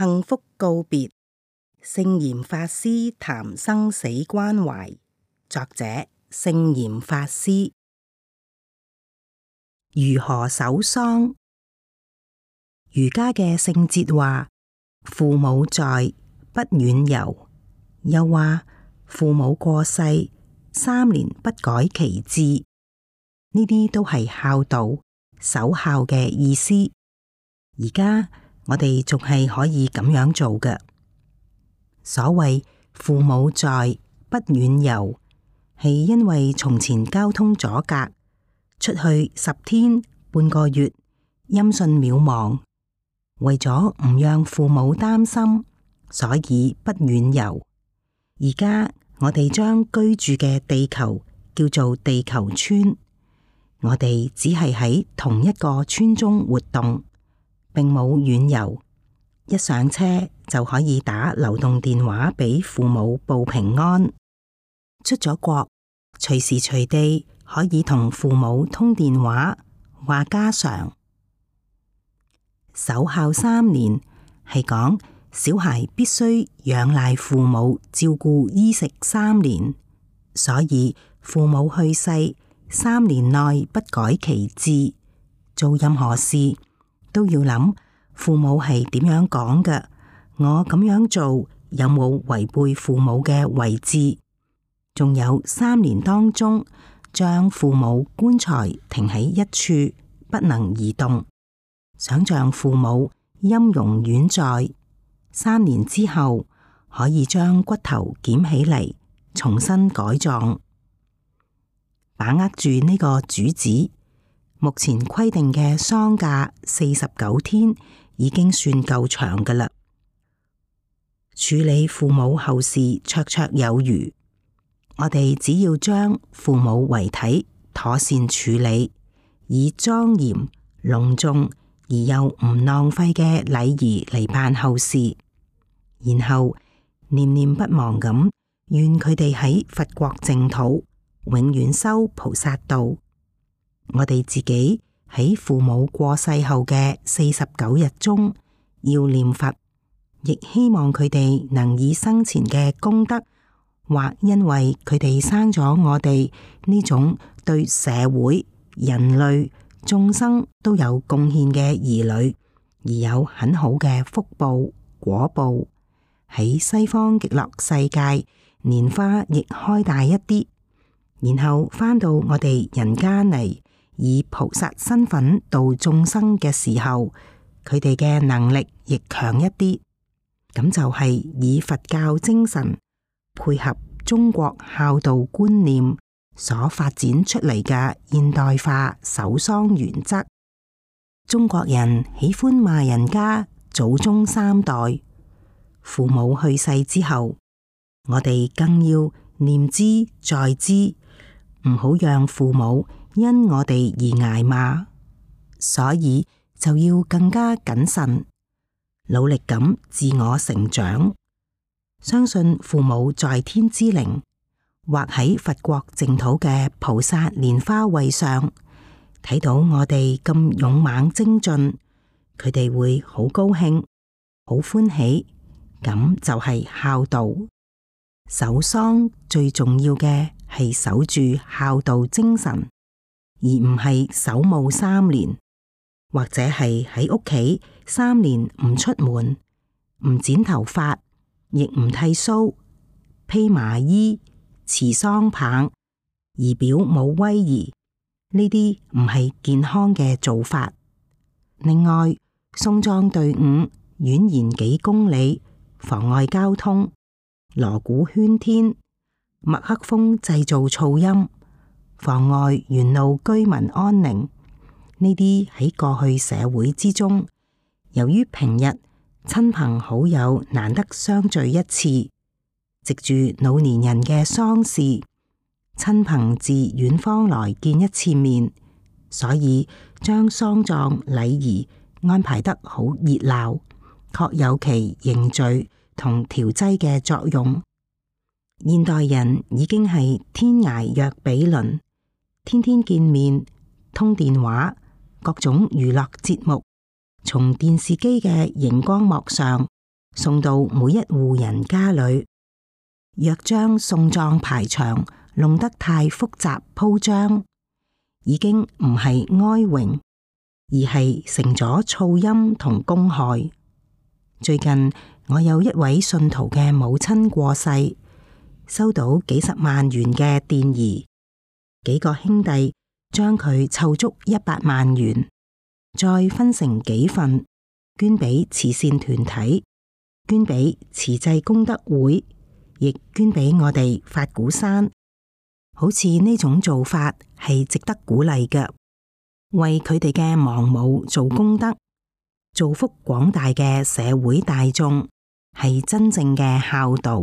幸福告別，聖嚴法師談生死關懷。作者：聖嚴法師。如何守喪？儒家嘅聖哲話：父母在，不遠游；又話父母過世，三年不改其志。呢啲都係孝道、守孝嘅意思。而家，我哋仲係可以咁樣做嘅。所謂父母在，不遠遊，係因為從前交通阻隔，出去十天半個月，音信渺茫。為咗唔讓父母擔心，所以不遠遊。而家我哋將居住嘅地球叫做地球村，我哋只係喺同一個村中活動。並冇遠遊，一上車就可以打流動電話俾父母報平安。出咗國，隨時隨地可以同父母通電話，話家常。守孝三年，係講小孩必須仰賴父母照顧衣食三年，所以父母去世三年內，不改其志，做任何事。都要諗父母係點樣講嘅，我咁樣做有冇違背父母嘅遺志？仲有三年當中，將父母棺材停喺一處，不能移動。想象父母音容宛在，三年之後可以將骨頭撿起嚟，重新改葬。把握住呢個主旨。目前規定嘅喪假四十九天已經算夠長㗎喇，處理父母後事綽綽有餘。我哋只要將父母遺體妥善處理，以莊嚴隆重而又唔浪費嘅禮儀嚟辦後事，然後念念不忘咁，願佢哋喺佛國淨土永遠修菩薩道。我哋自己喺父母過世後嘅四十九日中要念佛，亦希望佢哋能以生前嘅功德，或因為佢哋生咗我哋呢種對社會、人類眾生都有貢獻嘅兒女，而有很好嘅福報果報。喺西方極樂世界，蓮花亦開大一啲，然後返到我哋人家嚟。以菩薩身份度眾生嘅時候，佢哋嘅能力亦強一啲。咁就係以佛教精神配合中國孝道觀念所發展出嚟嘅現代化守喪原則。中國人喜歡罵人家祖宗三代，父母去世之後，我哋更要念茲在茲，唔好讓父母。因我哋而挨罵，所以就要更加謹慎，努力咁自我成長。相信父母在天之靈，或喺佛國淨土嘅菩薩蓮花位上，睇到我哋咁勇猛精進，佢哋會好高興、好歡喜。咁就係孝道。守喪最重要嘅係守住孝道精神。而唔係守墓三年，或者係喺屋企三年唔出門、唔剪頭髮、亦唔剃鬚、披麻衣、持桑棒，儀表冇威儀，呢啲唔係健康嘅做法。另外，送葬隊伍蜿蜒幾公里，妨礙交通；鑼鼓喧天，麥克風製造噪音。妨礙沿路居民安寧。呢啲喺過去社會之中，由於平日親朋好友難得相聚一次，藉住老年人嘅喪事，親朋自遠方來見一次面，所以將喪葬禮儀安排得好熱鬧，確有其凝聚同調劑嘅作用。現代人已經係天涯若比鄰。天天見面、通電話、各種娛樂節目，從電視機嘅熒光幕上送到每一戶人家裏。若將送葬排場弄得太複雜鋪張，已經唔係哀榮，而係成咗噪音同公害。最近我有一位信徒嘅母親過世，收到幾十萬元嘅奠儀。幾個兄弟將佢湊足一百萬元，再分成幾份捐俾慈善團體，捐俾慈濟功德會，亦捐俾我哋法鼓山。好似呢種做法係值得鼓勵嘅，為佢哋嘅亡母做功德，造福廣大嘅社會大眾，係真正嘅孝道。